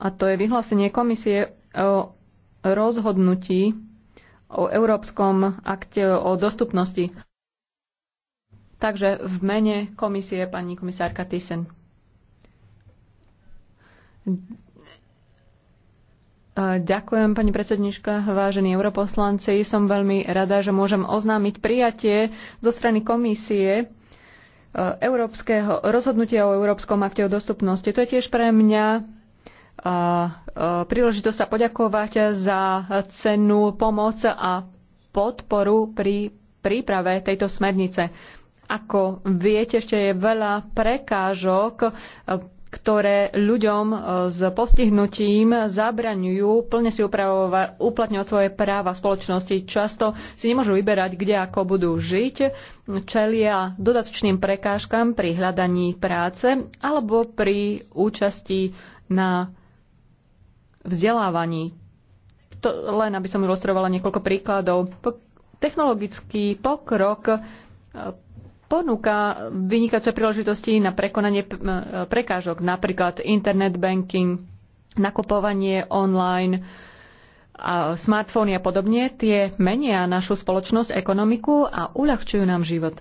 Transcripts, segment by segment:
a to je vyhlásenie komisie o rozhodnutí o Európskom akte o dostupnosti. Takže v mene komisie pani komisárka Thyssen. Ďakujem, pani predsedniška, vážení europoslanci. Som veľmi rada, že môžem oznámiť prijatie zo strany komisie e, Európskeho, rozhodnutia o Európskom akte o dostupnosti. To je tiež pre mňa príležitosť sa poďakovať za cennú pomoc a podporu pri príprave tejto smernice. Ako viete, ešte je veľa prekážok, ktoré ľuďom s postihnutím zabraňujú plne si uplatňovať svoje práva v spoločnosti. Často si nemôžu vyberať, kde ako budú žiť, čelia dodatočným prekážkam pri hľadaní práce alebo pri účasti na vzdelávaní. To, len aby som ilustrovala niekoľko príkladov. Po, technologický pokrok e, ponúka vynikajúce príležitosti na prekonanie e, prekážok, napríklad internet banking, nakupovanie online, a e, smartfóny a podobne, tie menia našu spoločnosť, ekonomiku a uľahčujú nám život.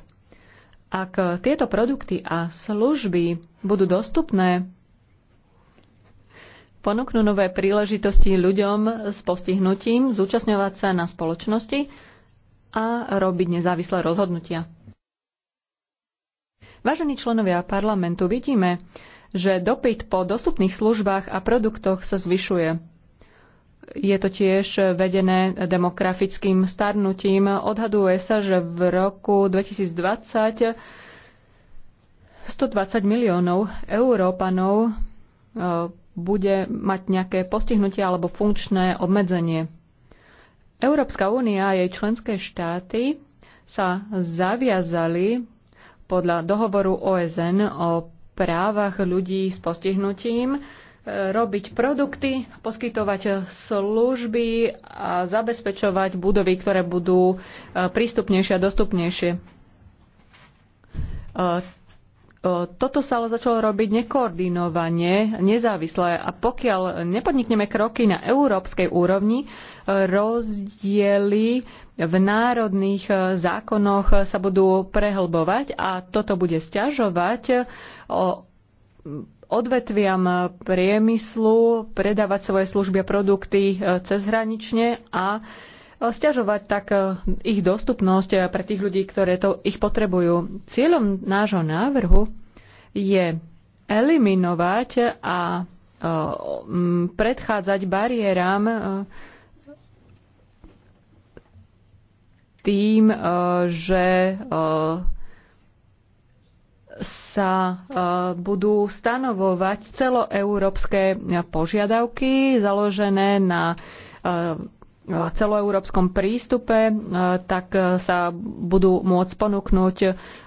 Ak tieto produkty a služby budú dostupné ponúknú nové príležitosti ľuďom s postihnutím zúčastňovať sa na spoločnosti a robiť nezávislé rozhodnutia. Vážení členovia parlamentu, vidíme, že dopyt po dostupných službách a produktoch sa zvyšuje. Je to tiež vedené demografickým starnutím. Odhaduje sa, že v roku 2020 120 miliónov Európanov bude mať nejaké postihnutie alebo funkčné obmedzenie. Európska únia a jej členské štáty sa zaviazali podľa dohovoru OSN o právach ľudí s postihnutím e, robiť produkty, poskytovať služby a zabezpečovať budovy, ktoré budú e, prístupnejšie a dostupnejšie e, toto sa ale začalo robiť nekoordinovane, nezávisle a pokiaľ nepodnikneme kroky na európskej úrovni, e, rozdiely v národných e, zákonoch sa budú prehlbovať a toto bude stiažovať e, odvetviam priemyslu predávať svoje služby a produkty cezhranične a stiažovať tak e, ich dostupnosť e, pre tých ľudí, ktoré to ich potrebujú. Cieľom nášho návrhu je eliminovať a e, predchádzať bariéram tým, že sa budú stanovovať celoeurópske požiadavky založené na celoeurópskom prístupe, e, tak e, sa budú môcť ponúknuť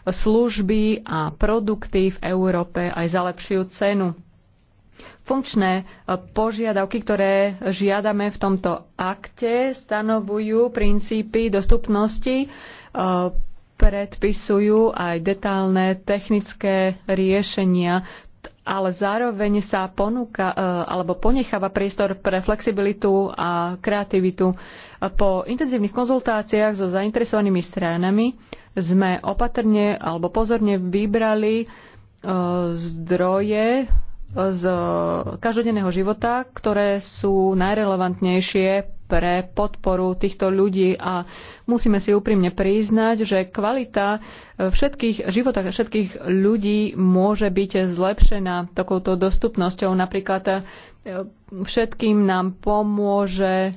služby a produkty v Európe aj za lepšiu cenu. Funkčné e, požiadavky, ktoré žiadame v tomto akte, stanovujú princípy dostupnosti, predpisujú aj detálne technické riešenia ale zároveň sa ponúka e, alebo ponecháva priestor pre flexibilitu a kreativitu. Po intenzívnych konzultáciách so zainteresovanými stranami sme opatrne alebo pozorne vybrali e, zdroje z každodenného života, ktoré sú najrelevantnejšie pre podporu týchto ľudí a musíme si úprimne priznať, že kvalita všetkých života všetkých ľudí môže byť zlepšená takouto dostupnosťou. Napríklad e, všetkým nám pomôže e,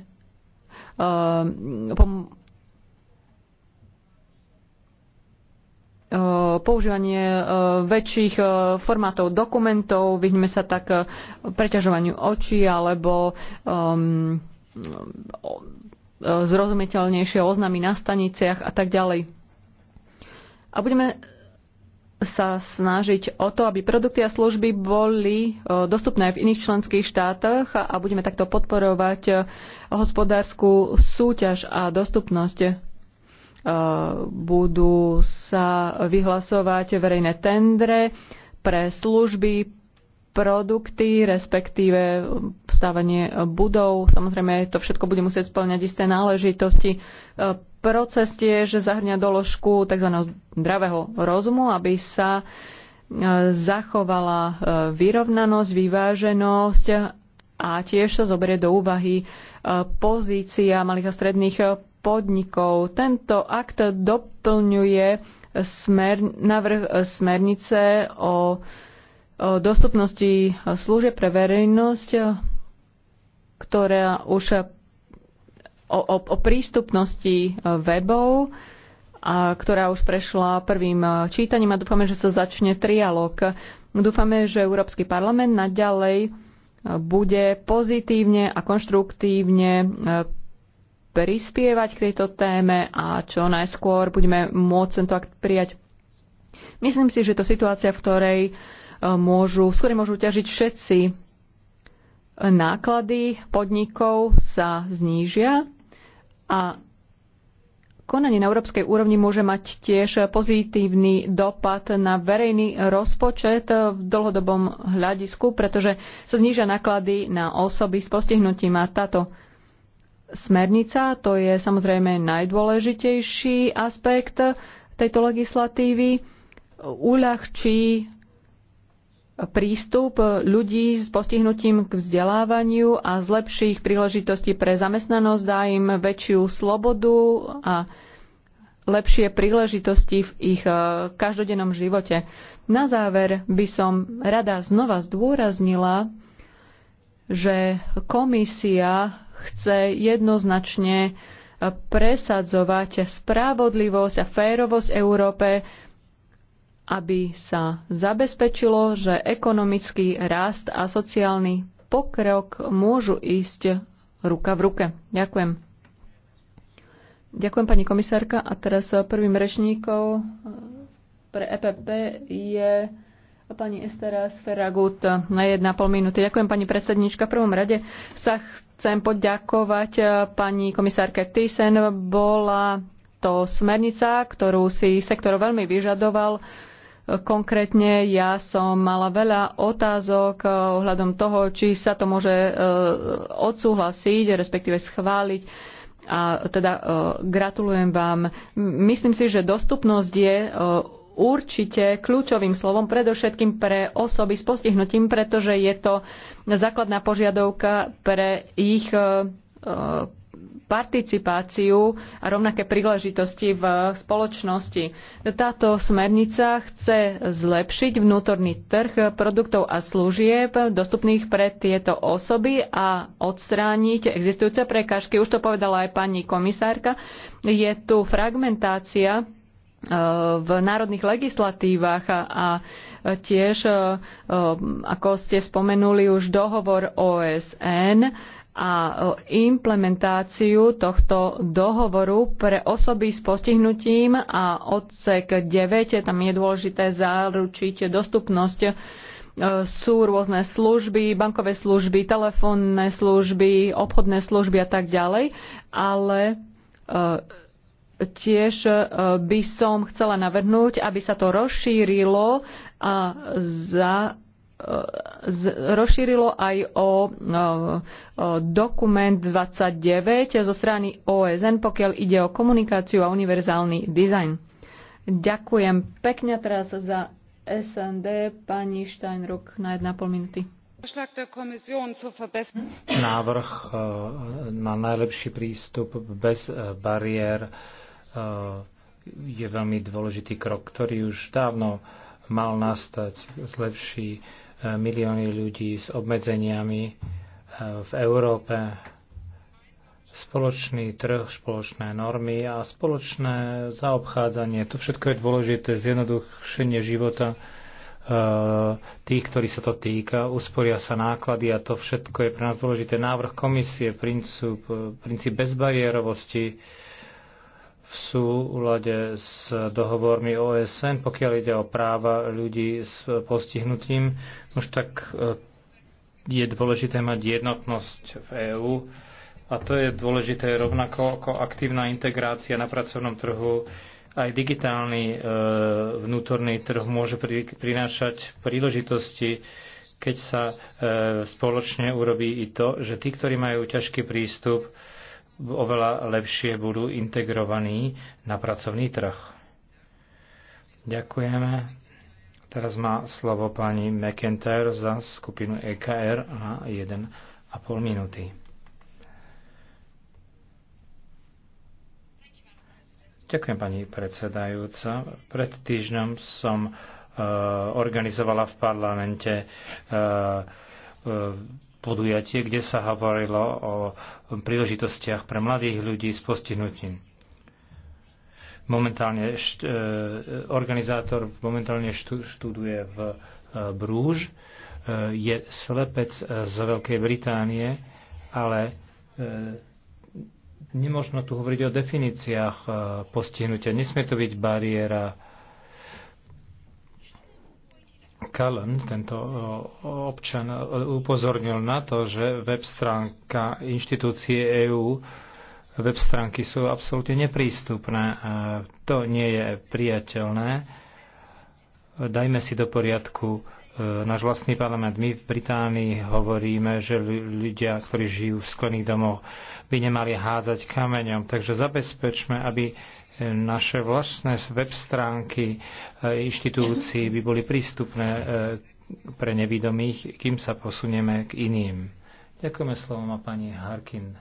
E, používanie e, väčších e, formátov dokumentov, vyhneme sa tak preťažovaniu očí alebo um, zrozumiteľnejšie oznamy na staniciach a tak ďalej. A budeme sa snažiť o to, aby produkty a služby boli dostupné aj v iných členských štátoch a budeme takto podporovať hospodárskú súťaž a dostupnosť budú sa vyhlasovať verejné tendre pre služby, produkty, respektíve stavanie budov. Samozrejme, to všetko bude musieť splňať isté náležitosti. Proces tiež zahrňa doložku tzv. zdravého rozumu, aby sa e, zachovala e, vyrovnanosť, vyváženosť a tiež sa zoberie do úvahy e, pozícia malých a stredných podnikov. Tento akt doplňuje smer, navrh e, smernice o, o dostupnosti služieb pre verejnosť, e, ktorá už e, o, o, o prístupnosti webov, a ktorá už prešla prvým čítaním a dúfame, že sa začne trialog. Dúfame, že Európsky parlament naďalej bude pozitívne a konštruktívne prispievať k tejto téme a čo najskôr budeme môcť tento akt prijať. Myslím si, že to situácia, v ktorej e, môžu, skôr môžu ťažiť všetci náklady podnikov sa znížia a konanie na európskej úrovni môže mať tiež pozitívny dopad na verejný rozpočet v dlhodobom hľadisku, pretože sa znížia náklady na osoby s postihnutím a táto smernica, to je samozrejme najdôležitejší aspekt tejto legislatívy, uľahčí prístup ľudí s postihnutím k vzdelávaniu a zlepší ich príležitosti pre zamestnanosť, dá im väčšiu slobodu a lepšie príležitosti v ich e, každodennom živote. Na záver by som rada znova zdôraznila, že komisia chce jednoznačne eh, presadzovať spravodlivosť a férovosť Európe, aby sa zabezpečilo, že ekonomický rast a sociálny pokrok môžu ísť ruka v ruke. Ďakujem. Ďakujem pani komisárka. A teraz eh, prvým rečníkom eh, pre EPP je pani Estera Sferagut na 1,5 minúty. Ďakujem pani predsednička. V prvom rade sa Chcem poďakovať e, pani komisárke Thyssen. Bola to smernica, ktorú si sektor veľmi vyžadoval. E, konkrétne ja som mala veľa otázok e, ohľadom toho, či sa to môže odsúhlasiť, respektíve schváliť. A teda gratulujem vám. Myslím si, že dostupnosť je určite kľúčovým slovom predovšetkým pre osoby s postihnutím, pretože je to základná požiadovka pre ich e, participáciu a rovnaké príležitosti v spoločnosti. Táto smernica chce zlepšiť vnútorný trh produktov a služieb dostupných pre tieto osoby a odstrániť existujúce prekážky. Už to povedala aj pani komisárka. Je tu fragmentácia v národných legislatívach a, tiež, e, e, ako ste spomenuli, už dohovor OSN a e, implementáciu tohto dohovoru pre osoby s postihnutím a odsek 9, tam je dôležité zaručiť dostupnosť sú rôzne služby, bankové služby, telefónne služby, obchodné služby a tak ďalej, ale tiež e, by som chcela navrhnúť, aby sa to rozšírilo a za e, rozšírilo aj o, o dokument 29 zo strany OSN, pokiaľ ide o komunikáciu a univerzálny dizajn. Ďakujem pekne teraz za SND, pani Steinruck, na 1,5 minúty. Návrh e, na najlepší prístup bez bariér Eh, je veľmi dôležitý krok, ktorý už dávno mal nastať, zlepší eh, milióny ľudí s obmedzeniami eh, v Európe, spoločný trh, spoločné normy a spoločné zaobchádzanie. To všetko je dôležité, zjednodušenie života tých, ktorí sa to týka, usporia sa náklady a to všetko je pre nás dôležité. Návrh komisie, princíp, princíp bezbariérovosti, v súlade s dohovormi OSN, pokiaľ ide o práva ľudí s postihnutím, už tak e, je dôležité mať jednotnosť v EÚ a to je dôležité rovnako ako aktívna integrácia na pracovnom trhu. Aj digitálny e, vnútorný trh môže prinášať príležitosti, keď sa e, spoločne urobí i to, že tí, ktorí majú ťažký prístup, oveľa lepšie budú integrovaní na pracovný trh. Ďakujeme. Teraz má slovo pani McIntyre za skupinu EKR na 1,5 minúty. Ďakujem, pani predsedajúca. Pred týždňom som uh, organizovala v parlamente uh, Eh, podujatie, kde sa hovorilo o príležitostiach pre mladých ľudí s postihnutím. Momentálne št, eh, organizátor momentálne študuje v eh, Brúž, je slepec z Veľkej Británie, ale nemožno tu hovoriť o definíciách postihnutia. Nesmie to byť bariéra Cullen, tento občan, upozornil na to, že web stránka inštitúcie EÚ web stránky sú absolútne neprístupné. To nie je priateľné. Dajme si do poriadku náš vlastný parlament. My v Británii hovoríme, že ľudia, ktorí žijú v sklených domoch, by nemali hádzať kameňom. Takže zabezpečme, aby e, naše vlastné web stránky e, inštitúcií by boli prístupné e, pre nevidomých, kým sa posunieme k iným. Ďakujeme slovo má pani Harkin.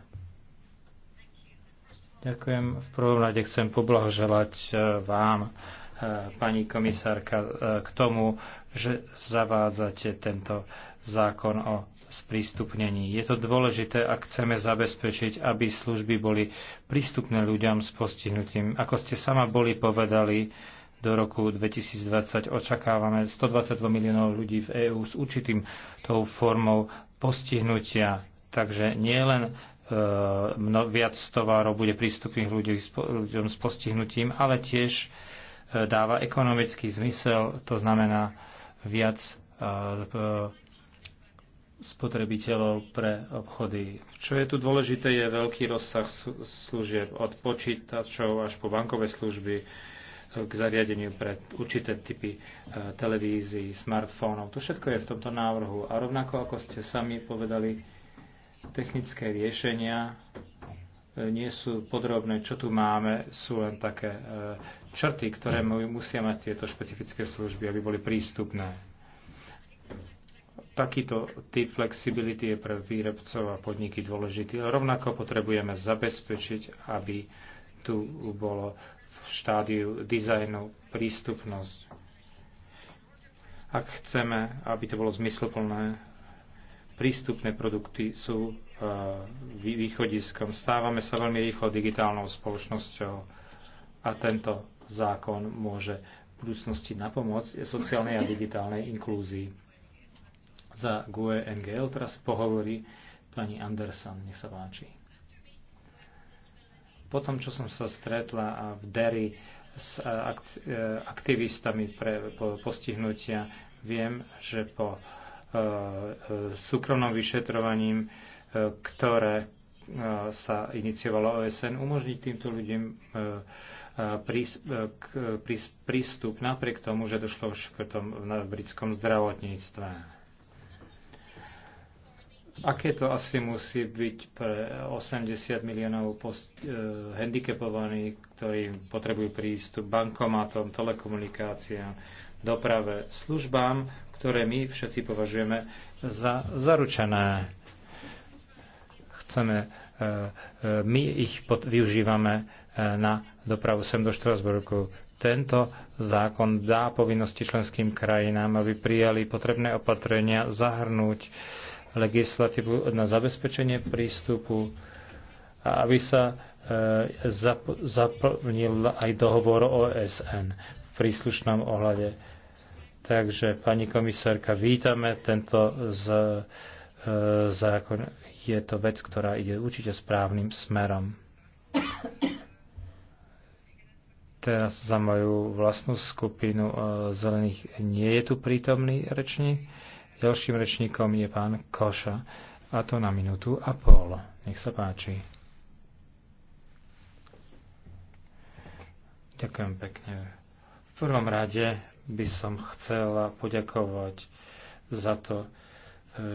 Ďakujem. V prvom rade chcem poblahoželať vám E, pani komisárka, e, k tomu, že zavádzate tento zákon o sprístupnení. Je to dôležité, ak chceme zabezpečiť, aby služby boli prístupné ľuďom s postihnutím. Ako ste sama boli povedali, do roku 2020 očakávame 122 miliónov ľudí v EÚ s určitým tou formou postihnutia. Takže nie len e, viac tovarov bude prístupných ľudí, ľuďom s postihnutím, ale tiež dáva ekonomický zmysel, to znamená viac e, spotrebiteľov pre obchody. Čo je tu dôležité, je veľký rozsah služieb od počítačov až po bankové služby e, k zariadeniu pre určité typy e, televízií, smartfónov. To všetko je v tomto návrhu. A rovnako, ako ste sami povedali, technické riešenia nie sú podrobné, čo tu máme, sú len také črty, ktoré musia mať tieto špecifické služby, aby boli prístupné. Takýto typ flexibility je pre výrobcov a podniky dôležitý. Rovnako potrebujeme zabezpečiť, aby tu bolo v štádiu dizajnu prístupnosť. Ak chceme, aby to bolo zmysluplné, prístupné produkty sú e, východiskom. Stávame sa veľmi rýchlo digitálnou spoločnosťou a tento zákon môže v budúcnosti napomôcť sociálnej a digitálnej inklúzii. Za GUE NGL teraz pohovorí pani Anderson, nech sa páči. Po tom, čo som sa stretla v Derry s e, e, aktivistami pre postihnutia, viem, že po e, súkromnom vyšetrovaním, ktoré sa iniciovala OSN, umožniť týmto ľuďom e, e, e, prístup napriek tomu, že došlo už tom na britskom zdravotníctve. Aké to asi musí byť pre 80 miliónov post, e, handicapovaných, ktorí potrebujú prístup bankomatom, telekomunikáciám, doprave, službám, ktoré my všetci považujeme za zaručené chceme, e, e, my ich pod, využívame e, na dopravu sem do Štrasburku. Tento zákon dá povinnosti členským krajinám, aby prijali potrebné opatrenia zahrnúť legislatívu na zabezpečenie prístupu a aby sa zaplnil aj dohovor OSN v príslušnom ohľade. Takže, pani komisárka, vítame tento z, zákon je to vec, ktorá ide určite správnym smerom. Teraz za moju vlastnú skupinu e, zelených nie je tu prítomný rečník. Ďalším rečníkom je pán Koša. A to na minútu a pol. Nech sa páči. Ďakujem pekne. V prvom rade by som chcela poďakovať za to,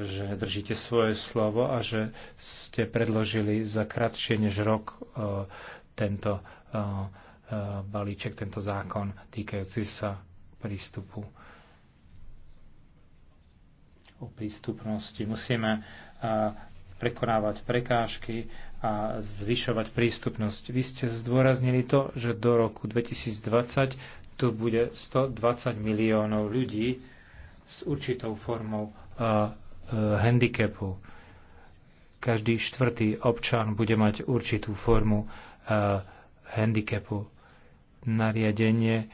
že držíte svoje slovo a že ste predložili za kratšie než rok e, tento e, e, balíček, tento zákon týkajúci sa prístupu o prístupnosti. Musíme prekonávať prekážky a zvyšovať prístupnosť. Vy ste zdôraznili to, že do roku 2020 tu bude 120 miliónov ľudí s určitou formou Eh, handicapu. Každý štvrtý občan bude mať určitú formu eh, handicapu. Nariadenie eh,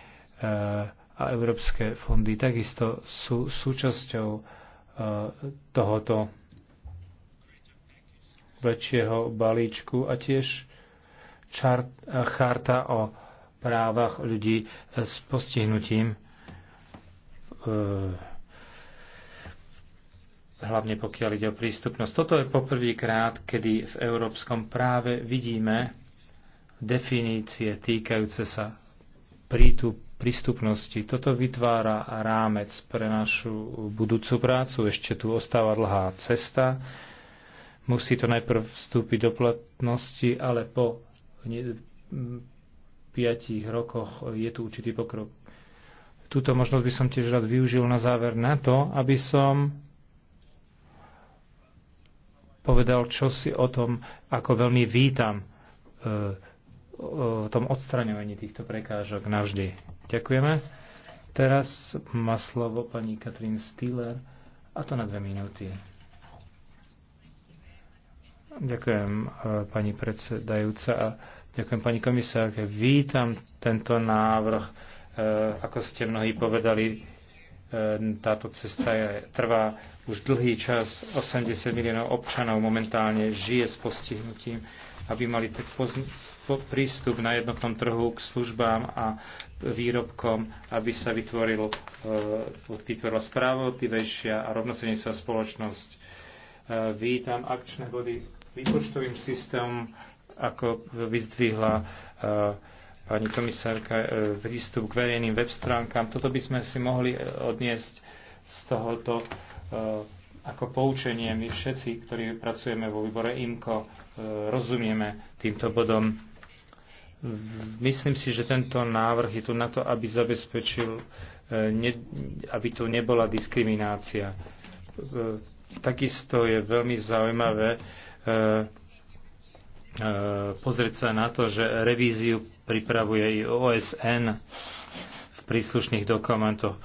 a európske fondy takisto sú súčasťou tohoto väčšieho balíčku a tiež čart, charta o právach ľudí s postihnutím hlavne pokiaľ ide o prístupnosť. Toto je poprvýkrát, kedy v európskom práve vidíme definície týkajúce sa prítup, prístupnosti. Toto vytvára rámec pre našu budúcu prácu. Ešte tu ostáva dlhá cesta. Musí to najprv vstúpiť do platnosti, ale po piatich rokoch je tu určitý pokrok. Túto možnosť by som tiež rád využil na záver na to, aby som povedal čosi o tom, ako veľmi vítam e, o tom odstraňovaní týchto prekážok navždy. Ďakujeme. Teraz má slovo pani Katrin Stiller a to na dve minúty. Ďakujem, e, pani predsedajúca a ďakujem, pani komisárke. Vítam tento návrh. E, ako ste mnohí povedali, Ehm, táto cesta je, trvá už dlhý čas. 80 miliónov občanov momentálne žije s postihnutím, aby mali prístup na jednotnom trhu k službám a výrobkom, aby sa vytvoril, ehm, vytvorila správodlivejšia a rovnocenejšia spoločnosť. Ehm, vítam akčné body výpočtovým systémom, ako vyzdvihla pani komisárka, e, prístup k verejným web stránkam. Toto by sme si mohli e, odniesť z tohoto e, ako poučenie. My všetci, ktorí pracujeme vo výbore IMKO, rozumieme týmto bodom. Myslím si, že tento návrh je tu na to, aby zabezpečil, aby tu nebola diskriminácia. Takisto je veľmi zaujímavé, E, pozrieť sa na to, že revíziu pripravuje i OSN v príslušných dokumentoch,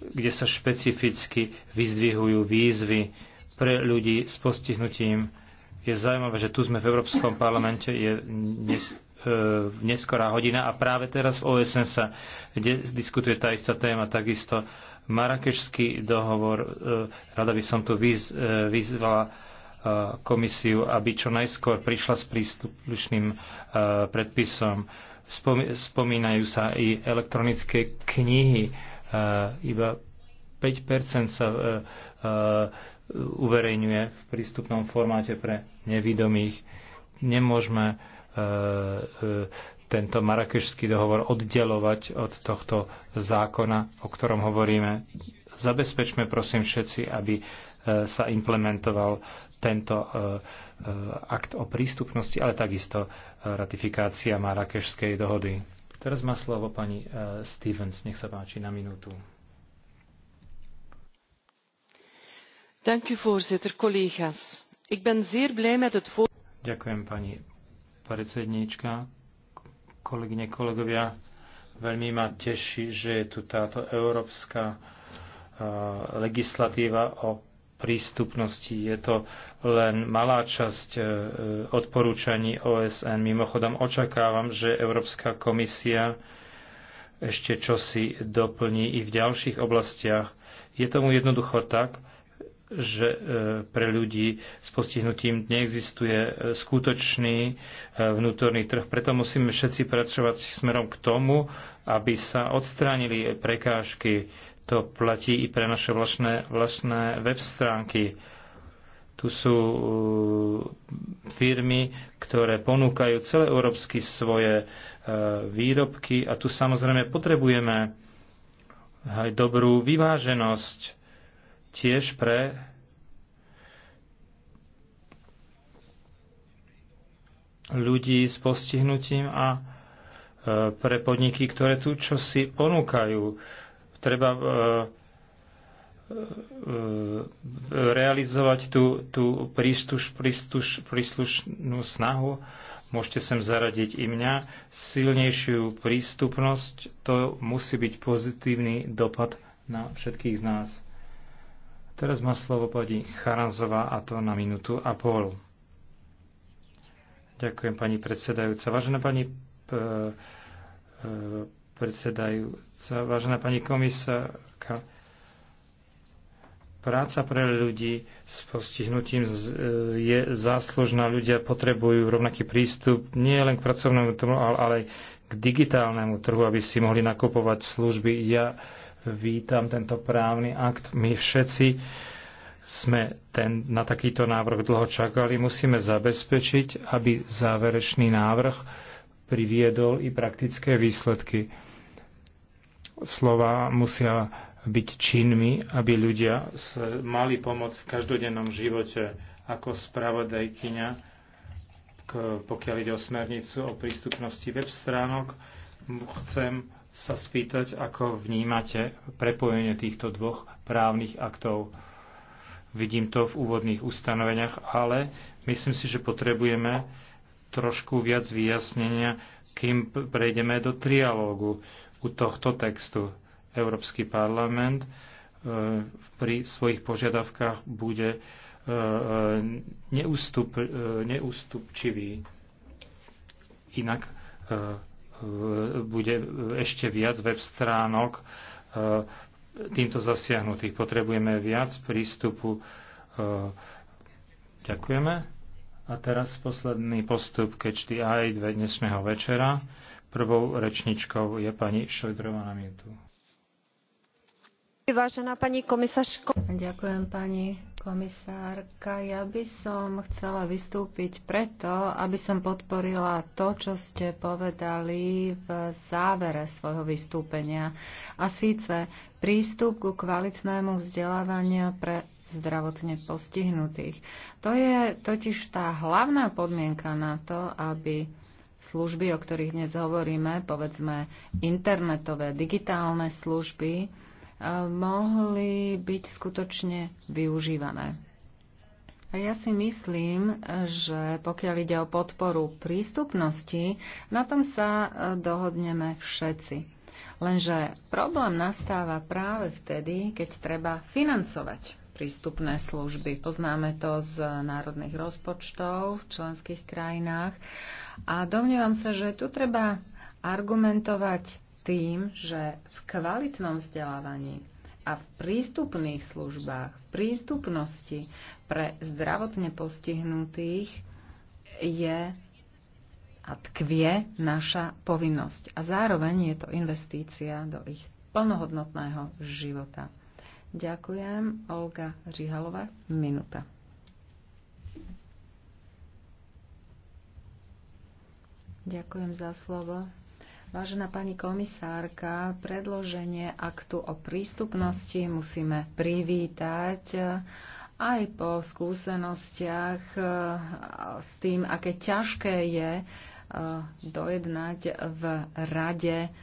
kde sa špecificky vyzdvihujú výzvy pre ľudí s postihnutím. Je zaujímavé, že tu sme v Európskom parlamente, je dnes, e, neskorá hodina a práve teraz v OSN sa de, diskutuje tá istá téma, takisto Marakešský dohovor. E, rada by som tu vyz, e, vyzvala komisiu, aby čo najskôr prišla s príslušným e, predpisom. Spomínajú sa i elektronické knihy. E, iba 5% sa e, uverejňuje v prístupnom formáte pre nevidomých. Nemôžeme tento marakešský dohovor oddelovať od tohto zákona, o ktorom hovoríme. Zabezpečme prosím všetci, aby Eh, sa implementoval tento eh, eh, akt o prístupnosti, ale takisto ratifikácia Marrakešskej dohody. Teraz má slovo pani Stevens, nech sa páči na minútu. Ďakujem pani predsedníčka, kolegyne, kolegovia. Veľmi ma teší, že je tu táto európska legislatíva o prístupnosti. Je to len malá časť e, odporúčaní OSN. Mimochodom očakávam, že Európska komisia ešte čosi doplní i v ďalších oblastiach. Je tomu jednoducho tak, že e, pre ľudí s postihnutím neexistuje e, skutočný vnútorný trh. Preto musíme všetci pracovať smerom k tomu, aby sa odstránili prekážky to platí i pre naše vlastné, vlastné web stránky. Tu sú uh, firmy, ktoré ponúkajú celé európsky svoje uh, výrobky a tu samozrejme potrebujeme aj dobrú vyváženosť tiež pre ľudí s postihnutím a uh, pre podniky, ktoré tu čosi ponúkajú Treba e, e, e, realizovať tú, tú prístuš, prístuš, príslušnú snahu. Môžete sem zaradiť i mňa. Silnejšiu prístupnosť, to musí byť pozitívny dopad na všetkých z nás. Teraz má slovo pani Charanzová a to na minútu a pol. Ďakujem pani predsedajúca. Vážená pani e, e, predsedajúca. Vážená pani komisárka, práca pre ľudí s postihnutím e, je záslužná. Ľudia potrebujú rovnaký prístup nie len k pracovnému trhu, ale aj k digitálnemu trhu, aby si mohli nakupovať služby. Ja vítam tento právny akt. My všetci sme ten, na takýto návrh dlho čakali. Musíme zabezpečiť, aby záverečný návrh priviedol i praktické výsledky. Slova musia byť činmi, aby ľudia mali pomoc v každodennom živote ako spravodajkyňa, pokiaľ ide o smernicu o prístupnosti web stránok. Chcem sa spýtať, ako vnímate prepojenie týchto dvoch právnych aktov. Vidím to v úvodných ustanoveniach, ale myslím si, že potrebujeme trošku viac vyjasnenia, kým prejdeme do trialógu u tohto textu. Európsky parlament e, pri svojich požiadavkách bude e, e, neústup, neústupčivý. Inak bude ešte viac web stránok týmto zasiahnutých. Potrebujeme viac prístupu. Ďakujeme. A teraz posledný postup čty aj dve dnešného večera. Prvou rečničkou je pani Šojdrova na Mietu. Vážená pani komisařko. Ďakujem pani komisárka. Ja by som chcela vystúpiť preto, aby som podporila to, čo ste povedali v závere svojho vystúpenia. A síce prístup ku kvalitnému vzdelávaniu pre zdravotne postihnutých. To je totiž tá hlavná podmienka na to, aby služby, o ktorých dnes hovoríme, povedzme internetové, digitálne služby, eh, mohli byť skutočne využívané. A ja si myslím, že pokiaľ ide o podporu prístupnosti, na tom sa eh, dohodneme všetci. Lenže problém nastáva práve vtedy, keď treba financovať prístupné služby. Poznáme to z národných rozpočtov v členských krajinách a domnievam sa, že tu treba argumentovať tým, že v kvalitnom vzdelávaní a v prístupných službách, v prístupnosti pre zdravotne postihnutých je a tkvie naša povinnosť. A zároveň je to investícia do ich plnohodnotného života. Ďakujem. Olga Žihalová, minúta. Ďakujem za slovo. Vážená pani komisárka, predloženie aktu o prístupnosti musíme privítať aj po skúsenostiach e, s tým, aké ťažké je e, dojednať v rade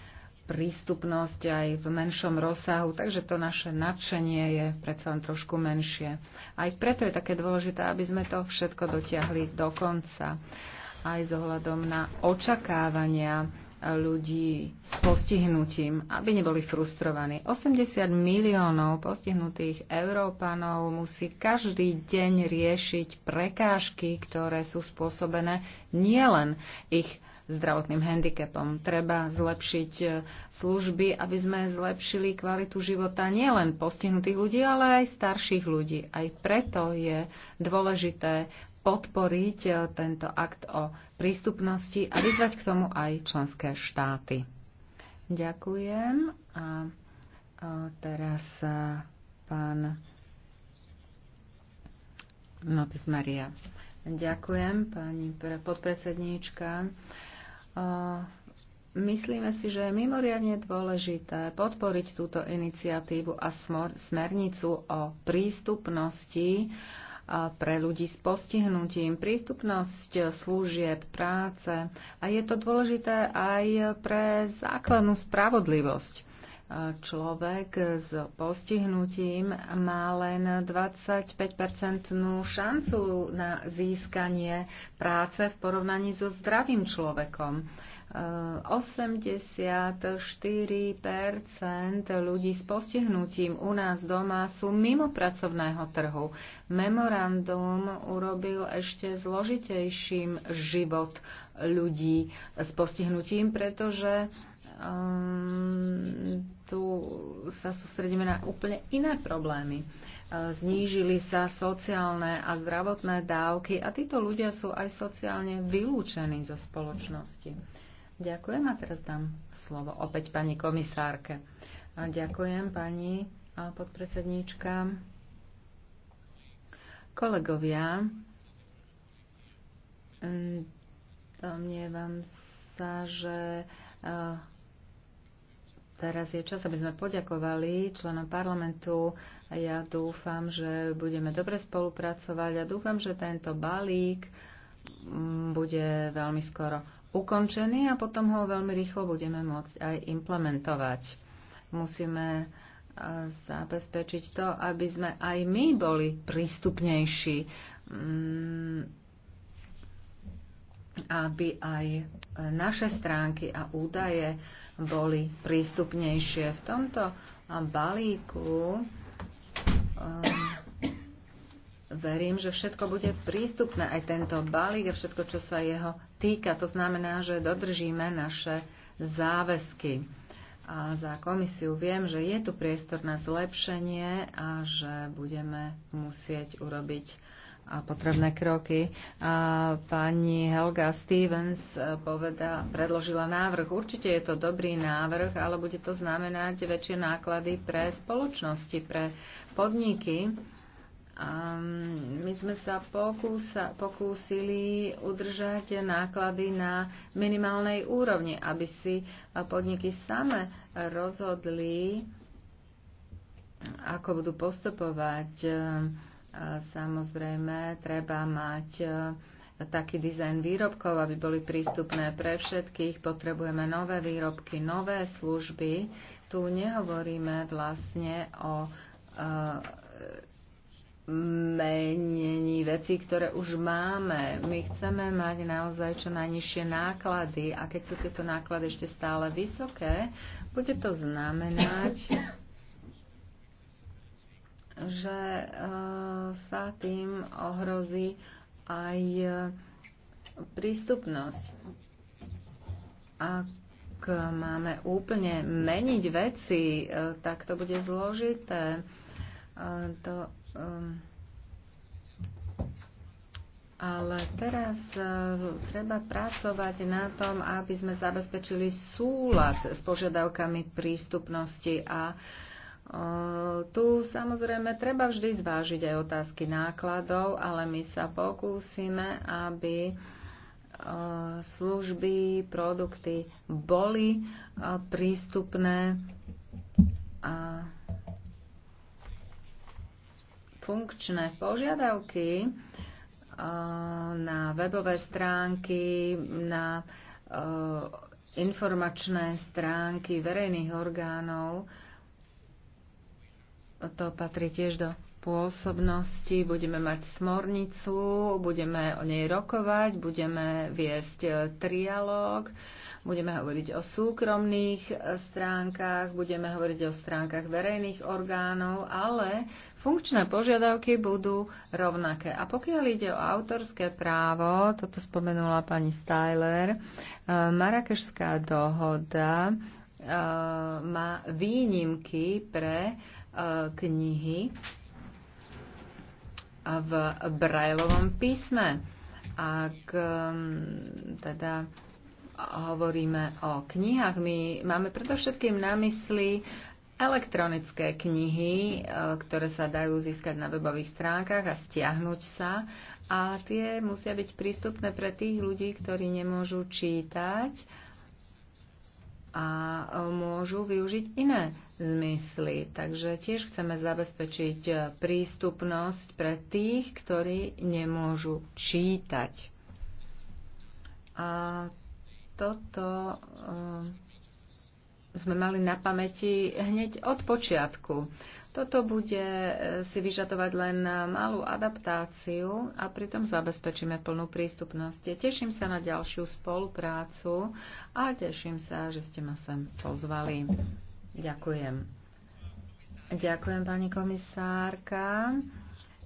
prístupnosť aj v menšom rozsahu, takže to naše nadšenie je predsa len trošku menšie. Aj preto je také dôležité, aby sme to všetko dotiahli do konca. Aj z ohľadom na očakávania ľudí s postihnutím, aby neboli frustrovaní. 80 miliónov postihnutých Európanov musí každý deň riešiť prekážky, ktoré sú spôsobené nielen ich zdravotným handicapom. Treba zlepšiť e, služby, aby sme zlepšili kvalitu života nielen postihnutých ľudí, ale aj starších ľudí. Aj preto je dôležité podporiť e, tento akt o prístupnosti a vyzvať k tomu aj členské štáty. Ďakujem. A e, teraz pán Notis Maria. Ďakujem, pani podpredsedníčka. Myslíme si, že je mimoriadne dôležité podporiť túto iniciatívu a smernicu o prístupnosti pre ľudí s postihnutím, prístupnosť služieb, práce a je to dôležité aj pre základnú spravodlivosť človek s postihnutím má len 25-percentnú šancu na získanie práce v porovnaní so zdravým človekom. 84 eh, ľudí s postihnutím u nás doma sú mimo pracovného trhu. Memorandum urobil ešte zložitejším život ľudí s postihnutím, pretože um, tu sa sústredíme na úplne iné problémy. Ehm, znížili sa sociálne a zdravotné dávky a títo ľudia sú aj sociálne vylúčení zo spoločnosti. Ďakujem a teraz dám slovo opäť pani komisárke. A ďakujem pani podpredsedníčka. Kolegovia, domnievam sa, že eh, Teraz je čas, aby sme poďakovali členom parlamentu. Ja dúfam, že budeme dobre spolupracovať a dúfam, že tento balík mm, bude veľmi skoro ukončený a potom ho veľmi rýchlo budeme môcť aj implementovať. Musíme e, zabezpečiť to, aby sme aj my boli prístupnejší, mm, aby aj naše stránky a údaje boli prístupnejšie. V tomto balíku ehm, verím, že všetko bude prístupné, aj tento balík a všetko, čo sa jeho týka. To znamená, že dodržíme naše záväzky. A za komisiu viem, že je tu priestor na zlepšenie a že budeme musieť urobiť a potrebné kroky. A pani Helga Stevens eh, poveda, predložila návrh. Určite je to dobrý návrh, ale bude to znamenať väčšie náklady pre spoločnosti, pre podniky. A ehm, my sme sa pokúsa, pokúsili udržať náklady na minimálnej úrovni, aby si eh, podniky same rozhodli, ako budú postupovať ehm, Samozrejme, treba mať e, taký dizajn výrobkov, aby boli prístupné pre všetkých. Potrebujeme nové výrobky, nové služby. Tu nehovoríme vlastne o e, menení vecí, ktoré už máme. My chceme mať naozaj čo najnižšie náklady a keď sú tieto náklady ešte stále vysoké, bude to znamenať, že eh, sa tým ohrozí aj eh, prístupnosť. Ak máme úplne meniť veci, eh, tak to bude zložité. To, ale teraz treba pracovať na tom, aby sme zabezpečili súlad s požiadavkami prístupnosti a Eh, tu samozrejme treba vždy zvážiť aj otázky nákladov, ale my sa pokúsime, aby eh, služby, produkty boli eh, prístupné a funkčné požiadavky na webové stránky, na informačné stránky verejných orgánov to patrí tiež do pôsobnosti. Budeme mať smornicu, budeme o nej rokovať, budeme viesť e, trialóg, budeme hovoriť o súkromných e, stránkach, budeme hovoriť o stránkach verejných orgánov, ale funkčné požiadavky budú rovnaké. A pokiaľ ide o autorské právo, toto spomenula pani Styler, e, Marakešská dohoda má výnimky pre Eh, knihy v brajlovom písme. Ak teda hovoríme o knihách, my máme predovšetkým na mysli elektronické knihy, eh, ktoré sa dajú získať na webových stránkach a stiahnuť sa. A tie musia byť prístupné pre tých ľudí, ktorí nemôžu čítať a e, môžu využiť iné zmysly. Takže tiež chceme zabezpečiť e, prístupnosť pre tých, ktorí nemôžu čítať. A toto e, sme mali na pamäti hneď od počiatku. Toto bude e, si vyžadovať len e, malú adaptáciu a pritom zabezpečíme plnú prístupnosť. Teším sa na ďalšiu spoluprácu a teším sa, že ste ma sem pozvali. Ďakujem. Ďakujem, pani komisárka.